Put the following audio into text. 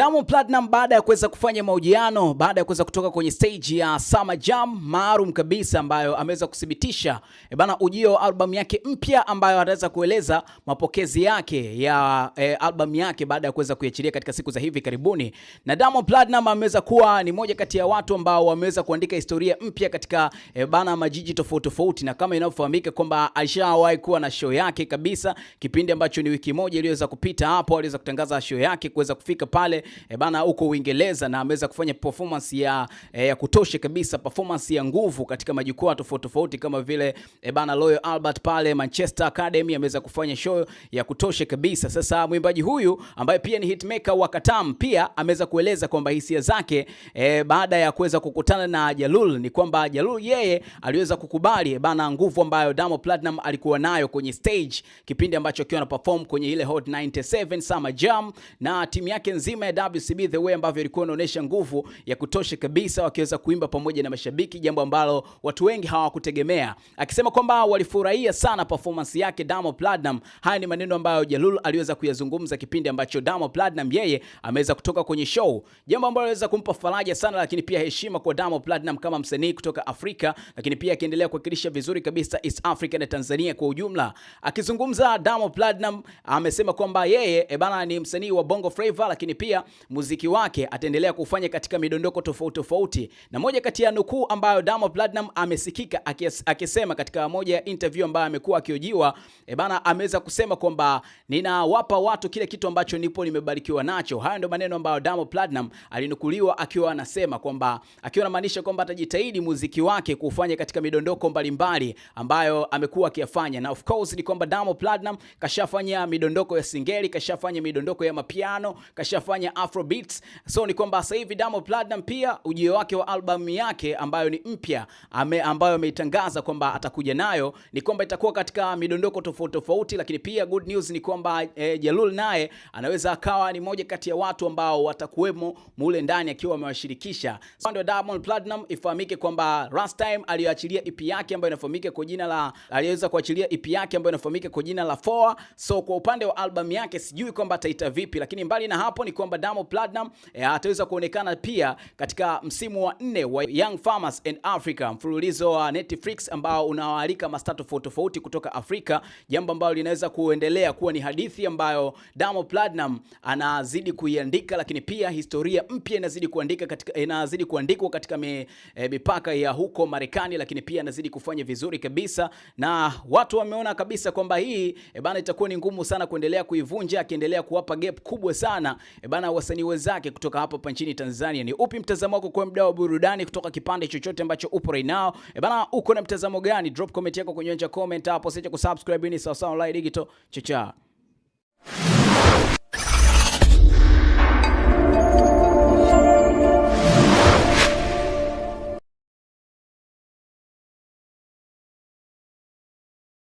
Diamond Platinum baada ya kuweza kufanya mahojiano baada ya kuweza kutoka kwenye stage ya Summer Jam maalum kabisa ambayo ameweza kuthibitisha e bana ujio wa albamu yake mpya ambayo ataweza kueleza mapokezi yake ya e, eh, albamu yake baada ya kuweza kuiachilia katika siku za hivi karibuni. Na Diamond Platinum ameweza kuwa ni moja kati ya watu ambao wameweza kuandika historia mpya katika e, bana majiji tofauti tofauti, na kama inavyofahamika kwamba alishawahi kuwa na show yake kabisa, kipindi ambacho ni wiki moja iliyoweza kupita hapo aliweza kutangaza show yake kuweza kufika pale e bana, huko Uingereza na ameweza kufanya performance ya, e, ya kutosha kabisa, performance ya nguvu katika majukwaa tofauti tofauti kama vile e bana, Royal Albert pale Manchester Academy ameweza kufanya show ya kutosha kabisa. Sasa mwimbaji huyu ambaye pia ni hitmaker wa Katam pia ameweza kueleza kwamba hisia zake e, baada ya kuweza kukutana na Jalul ni kwamba Jalul yeye aliweza kukubali e bana, nguvu ambayo Diamond Platinum alikuwa nayo kwenye stage kipindi ambacho akiwa perform kwenye ile Hot 97 Summer Jam na timu yake nzima ya WCB the way ambavyo ilikuwa inaonyesha nguvu ya kutosha kabisa, wakiweza kuimba pamoja na mashabiki, jambo ambalo watu wengi hawakutegemea, akisema kwamba walifurahia sana performance yake Diamond Platinum. Haya ni maneno ambayo Jalul aliweza kuyazungumza kipindi ambacho Diamond Platinum yeye ameweza kutoka kwenye show, jambo ambalo aliweza kumpa faraja sana, lakini pia heshima kwa Diamond Platinum kama msanii kutoka Afrika, lakini pia akiendelea kuwakilisha vizuri kabisa East Africa na Tanzania kwa ujumla. Akizungumza Diamond Platinum amesema kwamba yeye ebana eh, ni msanii wa Bongo Flava, lakini pia muziki wake ataendelea kufanya katika midondoko tofauti tofauti, na moja kati ya nukuu ambayo Diamond Platinum amesikika akisema katika moja ya interview ambayo amekuwa akiojiwa e bana, ameweza kusema kwamba ninawapa watu kile kitu ambacho nipo nimebarikiwa nacho. Hayo ndio maneno ambayo Diamond Platinum alinukuliwa akiwa anasema kwamba, akiwa anamaanisha kwamba atajitahidi muziki wake kufanya katika midondoko mbalimbali ambayo amekuwa akiyafanya, na of course ni kwamba Diamond Platinum kashafanya midondoko ya singeli, kashafanya midondoko ya mapiano, kashafanya ya Afrobeats. So ni kwamba sasa hivi Diamond Platnumz pia ujio wake wa albamu yake ambayo ni mpya ame, ambayo ameitangaza kwamba atakuja nayo ni kwamba itakuwa katika midondoko tofauti tofauti, lakini pia good news ni kwamba e, Jalul naye anaweza akawa ni moja kati ya watu ambao watakuwemo mule ndani akiwa amewashirikisha. So, ndio Diamond Platnumz ifahamike kwamba last time aliyoachilia EP yake ambayo inafahamika kwa jina la aliweza kuachilia EP yake ambayo inafahamika kwa jina la Four. So kwa upande wa albamu yake sijui kwamba ataita vipi, lakini mbali na hapo ni kwamba Diamond Platinum e, ataweza kuonekana pia katika msimu wa nne wa Young Farmers in Africa, mfululizo wa Netflix ambao unawaalika masta tofauti tofauti kutoka Afrika, jambo ambalo linaweza kuendelea kuwa ni hadithi ambayo Diamond Platinum anazidi kuiandika, lakini pia historia mpya inazidi kuandika katika inazidi kuandikwa katika eh, mipaka ya huko Marekani, lakini pia anazidi kufanya vizuri kabisa na watu wameona kabisa kwamba hii e, bana itakuwa ni ngumu sana kuendelea kuivunja, akiendelea kuwapa gap kubwa sana e, bana wasanii wenzake kutoka hapa hapa nchini Tanzania. Ni upi mtazamo wako kwa mdau wa burudani kutoka kipande chochote ambacho upo right now? E bana, uko na mtazamo gani? Drop comment yako kwenye comment hapo, siache kusubscribe. Ni sawa online digital chacha.